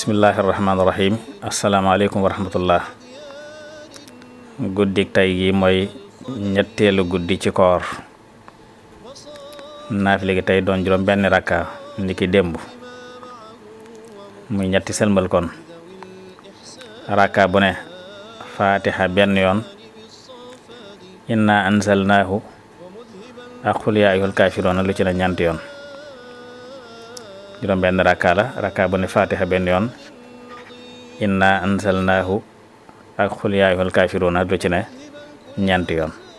bismillahi rahmaani rahim asalaamaaleykum wa rahmatullah guddik tey gi mooy ñetteelu guddi ci koor naafile gi tey doon juróom benn rakka niki démb muy ñetti sëlmal kon rakka bu ne fatiha benn yoon inna anzalnaahu ak xul yaa ayyuhal kaafiruuna lu ci ne ñanti yoon juróom benn rakka la rakka bu ne fatiha benn yoon inna ansalnaahu ak xul yaayuhal kaafiruuna du ci ne ñeenti yoon